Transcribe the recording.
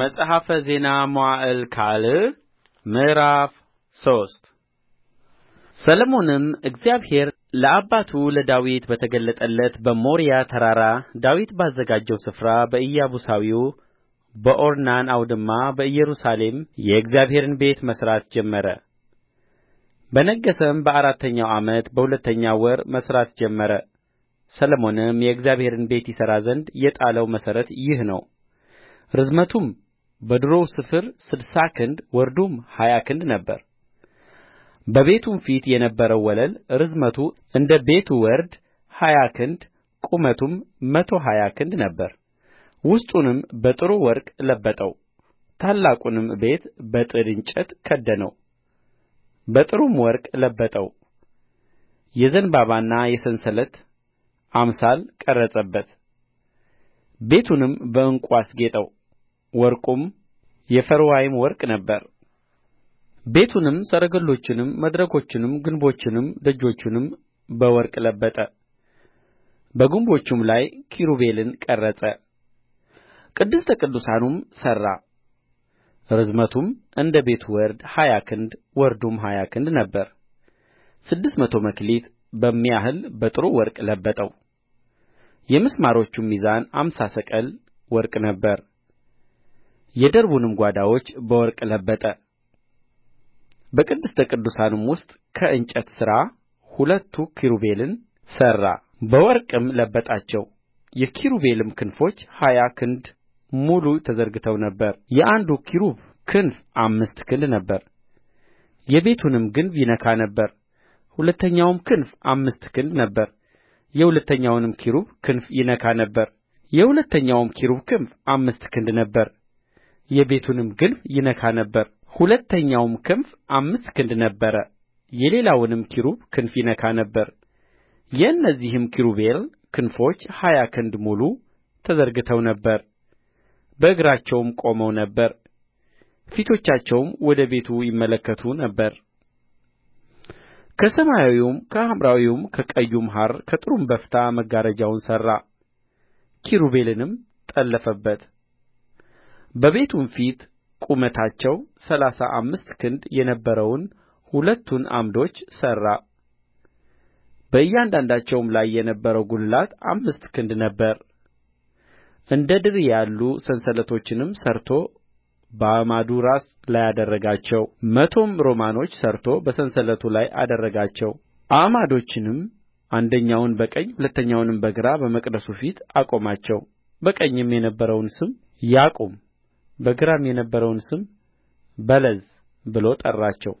መጽሐፈ ዜና መዋዕል ካልዕ ምዕራፍ ሶስት ሰሎሞንም እግዚአብሔር ለአባቱ ለዳዊት በተገለጠለት በሞሪያ ተራራ ዳዊት ባዘጋጀው ስፍራ በኢያቡሳዊው በኦርናን አውድማ በኢየሩሳሌም የእግዚአብሔርን ቤት መሥራት ጀመረ። በነገሠም በአራተኛው ዓመት በሁለተኛው ወር መሥራት ጀመረ። ሰሎሞንም የእግዚአብሔርን ቤት ይሠራ ዘንድ የጣለው መሠረት ይህ ነው። ርዝመቱም በዱሮው ስፍር ስድሳ ክንድ ወርዱም ሀያ ክንድ ነበረ በቤቱም ፊት የነበረው ወለል ርዝመቱ እንደ ቤቱ ወርድ ሀያ ክንድ ቁመቱም መቶ ሀያ ክንድ ነበረ ውስጡንም በጥሩ ወርቅ ለበጠው ታላቁንም ቤት በጥድ እንጨት ከደነው በጥሩም ወርቅ ለበጠው የዘንባባና የሰንሰለት አምሳል ቀረጸበት ቤቱንም በዕንቍ አስጌጠው ወርቁም የፈርዋይም ወርቅ ነበረ ቤቱንም ሰረገሎቹንም መድረኮቹንም ግንቦቹንም ደጆቹንም በወርቅ ለበጠ በግንቦቹም ላይ ኪሩቤልን ቀረጸ ቅድስተ ቅዱሳኑም ሠራ ርዝመቱም እንደ ቤቱ ወርድ ሀያ ክንድ ወርዱም ሀያ ክንድ ነበር ስድስት መቶ መክሊት በሚያህል በጥሩ ወርቅ ለበጠው የምስማሮቹም ሚዛን አምሳ ሰቅል ወርቅ ነበረ የደርቡንም ጓዳዎች በወርቅ ለበጠ በቅድስተ ቅዱሳኑም ውስጥ ከእንጨት ሥራ ሁለቱ ኪሩቤልን ሠራ በወርቅም ለበጣቸው የኪሩቤልም ክንፎች ሀያ ክንድ ሙሉ ተዘርግተው ነበር የአንዱ ኪሩብ ክንፍ አምስት ክንድ ነበረ የቤቱንም ግንብ ይነካ ነበር ሁለተኛውም ክንፍ አምስት ክንድ ነበረ የሁለተኛውንም ኪሩብ ክንፍ ይነካ ነበር የሁለተኛውም ኪሩብ ክንፍ አምስት ክንድ ነበረ የቤቱንም ግንብ ይነካ ነበር ሁለተኛውም ክንፍ አምስት ክንድ ነበረ የሌላውንም ኪሩብ ክንፍ ይነካ ነበር የእነዚህም ኪሩቤል ክንፎች ሀያ ክንድ ሙሉ ተዘርግተው ነበር በእግራቸውም ቆመው ነበር ፊቶቻቸውም ወደ ቤቱ ይመለከቱ ነበር ከሰማያዊውም ከሐምራዊውም ከቀዩም ሐር ከጥሩም በፍታ መጋረጃውን ሠራ ኪሩቤልንም ጠለፈበት በቤቱም ፊት ቁመታቸው ሠላሳ አምስት ክንድ የነበረውን ሁለቱን ዓምዶች ሠራ በእያንዳንዳቸውም ላይ የነበረው ጕልላት አምስት ክንድ ነበረ እንደ ድሪ ያሉ ሰንሰለቶችንም ሠርቶ በአዕማዱ ራስ ላይ አደረጋቸው መቶም ሮማኖች ሠርቶ በሰንሰለቱ ላይ አደረጋቸው አዕማዶቹንም አንደኛውን በቀኝ ሁለተኛውንም በግራ በመቅደሱ ፊት አቆማቸው በቀኝም የነበረውን ስም ያቁም በግራም የነበረውን ስም በለዝ ብሎ ጠራቸው